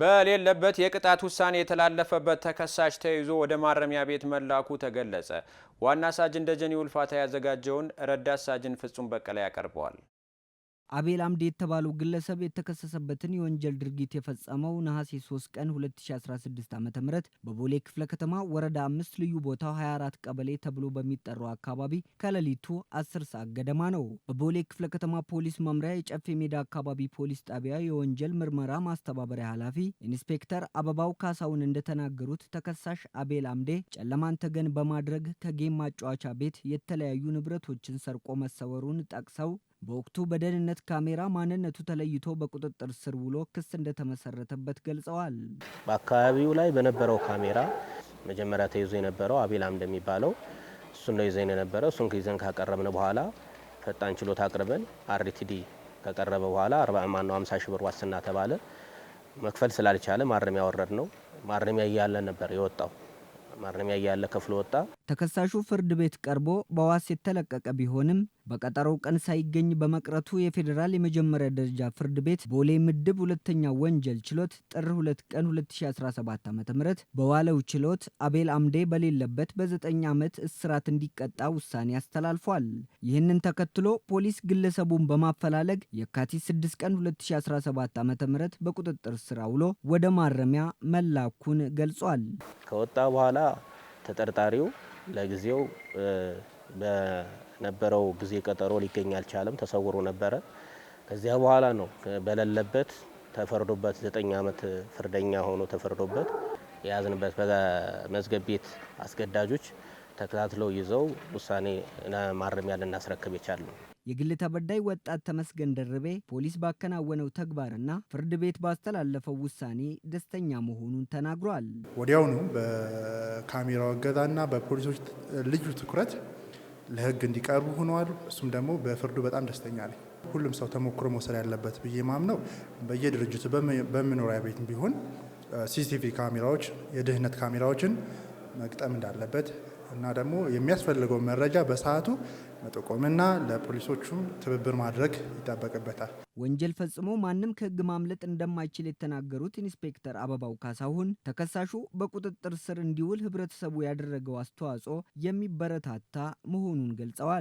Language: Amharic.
በሌለበት የቅጣት ውሳኔ የተላለፈበት ተከሳሽ ተይዞ ወደ ማረሚያ ቤት መላኩ ተገለጸ። ዋና ሳጅን ደጀኔ ውልፋታ ያዘጋጀውን ረዳት ሳጅን ፍጹም በቀለ ያቀርበዋል። አቤል አምድ የተባለው ግለሰብ የተከሰሰበትን የወንጀል ድርጊት የፈጸመው ነሐሴ 3 ቀን 2016 ዓ ም በቦሌ ክፍለ ከተማ ወረዳ አምስት ልዩ ቦታው 24 ቀበሌ ተብሎ በሚጠራው አካባቢ ከሌሊቱ 10 ሰዓት ገደማ ነው። በቦሌ ክፍለ ከተማ ፖሊስ መምሪያ የጨፌ ሜዳ አካባቢ ፖሊስ ጣቢያ የወንጀል ምርመራ ማስተባበሪያ ኃላፊ ኢንስፔክተር አበባው ካሳውን እንደተናገሩት ተከሳሽ አቤል አምዴ ጨለማን ተገን በማድረግ ከጌም ማጫወቻ ቤት የተለያዩ ንብረቶችን ሰርቆ መሰወሩን ጠቅሰው በወቅቱ በደህንነት ካሜራ ማንነቱ ተለይቶ በቁጥጥር ስር ውሎ ክስ እንደተመሰረተበት ገልጸዋል። በአካባቢው ላይ በነበረው ካሜራ መጀመሪያ ተይዞ የነበረው አቤላ እንደሚባለው እሱን ነው ይዘን የነበረው። እሱን ይዘን ካቀረብን በኋላ ፈጣን ችሎት አቅርበን አርቲዲ ከቀረበ በኋላ 40 ማን ነው 50 ሺህ ብር ዋስትና ተባለ። መክፈል ስላልቻለ ማረሚያ ወረድ ነው። ማረሚያ እያለ ነበር የወጣው። ማረሚያ እያለ ከፍሎ ወጣ። ተከሳሹ ፍርድ ቤት ቀርቦ በዋስ የተለቀቀ ቢሆንም በቀጠሮው ቀን ሳይገኝ በመቅረቱ የፌዴራል የመጀመሪያ ደረጃ ፍርድ ቤት ቦሌ ምድብ ሁለተኛ ወንጀል ችሎት ጥር 2 ቀን 2017 .ም በዋለው ችሎት አቤል አምዴ በሌለበት በዘጠኝ ዓመት እስራት እንዲቀጣ ውሳኔ አስተላልፏል። ይህንን ተከትሎ ፖሊስ ግለሰቡን በማፈላለግ የካቲት 6 ቀን 2017 ዓ.ም በቁጥጥር ስር አውሎ ወደ ማረሚያ መላኩን ገልጿል። ከወጣ በኋላ ተጠርጣሪው ለጊዜው በነበረው ጊዜ ቀጠሮ ሊገኝ አልቻለም፣ ተሰውሮ ነበረ። ከዚያ በኋላ ነው በሌለበት ተፈርዶበት ዘጠኝ ዓመት ፍርደኛ ሆኖ ተፈርዶበት የያዝንበት በመዝገብ ቤት አስገዳጆች ተከታትለው ይዘው ውሳኔ ማረሚያ ልናስረክብ የቻሉ የግል ተበዳይ ወጣት ተመስገን ደርቤ ፖሊስ ባከናወነው ተግባርና ፍርድ ቤት ባስተላለፈው ውሳኔ ደስተኛ መሆኑን ተናግሯል። ወዲያውኑ በካሜራው እገዛና በፖሊሶች ልዩ ትኩረት ለህግ እንዲቀርቡ ሆነዋል። እሱም ደግሞ በፍርዱ በጣም ደስተኛ ነኝ። ሁሉም ሰው ተሞክሮ መውሰድ ያለበት ብዬ ማምነው በየድርጅቱ በመኖሪያ ቤት ቢሆን ሲሲቲቪ ካሜራዎች፣ የደህንነት ካሜራዎችን መግጠም እንዳለበት እና ደግሞ የሚያስፈልገው መረጃ በሰዓቱ መጠቆምና ለፖሊሶቹም ትብብር ማድረግ ይጠበቅበታል። ወንጀል ፈጽሞ ማንም ከህግ ማምለጥ እንደማይችል የተናገሩት ኢንስፔክተር አበባው ካሳሁን ተከሳሹ በቁጥጥር ስር እንዲውል ህብረተሰቡ ያደረገው አስተዋጽኦ የሚበረታታ መሆኑን ገልጸዋል።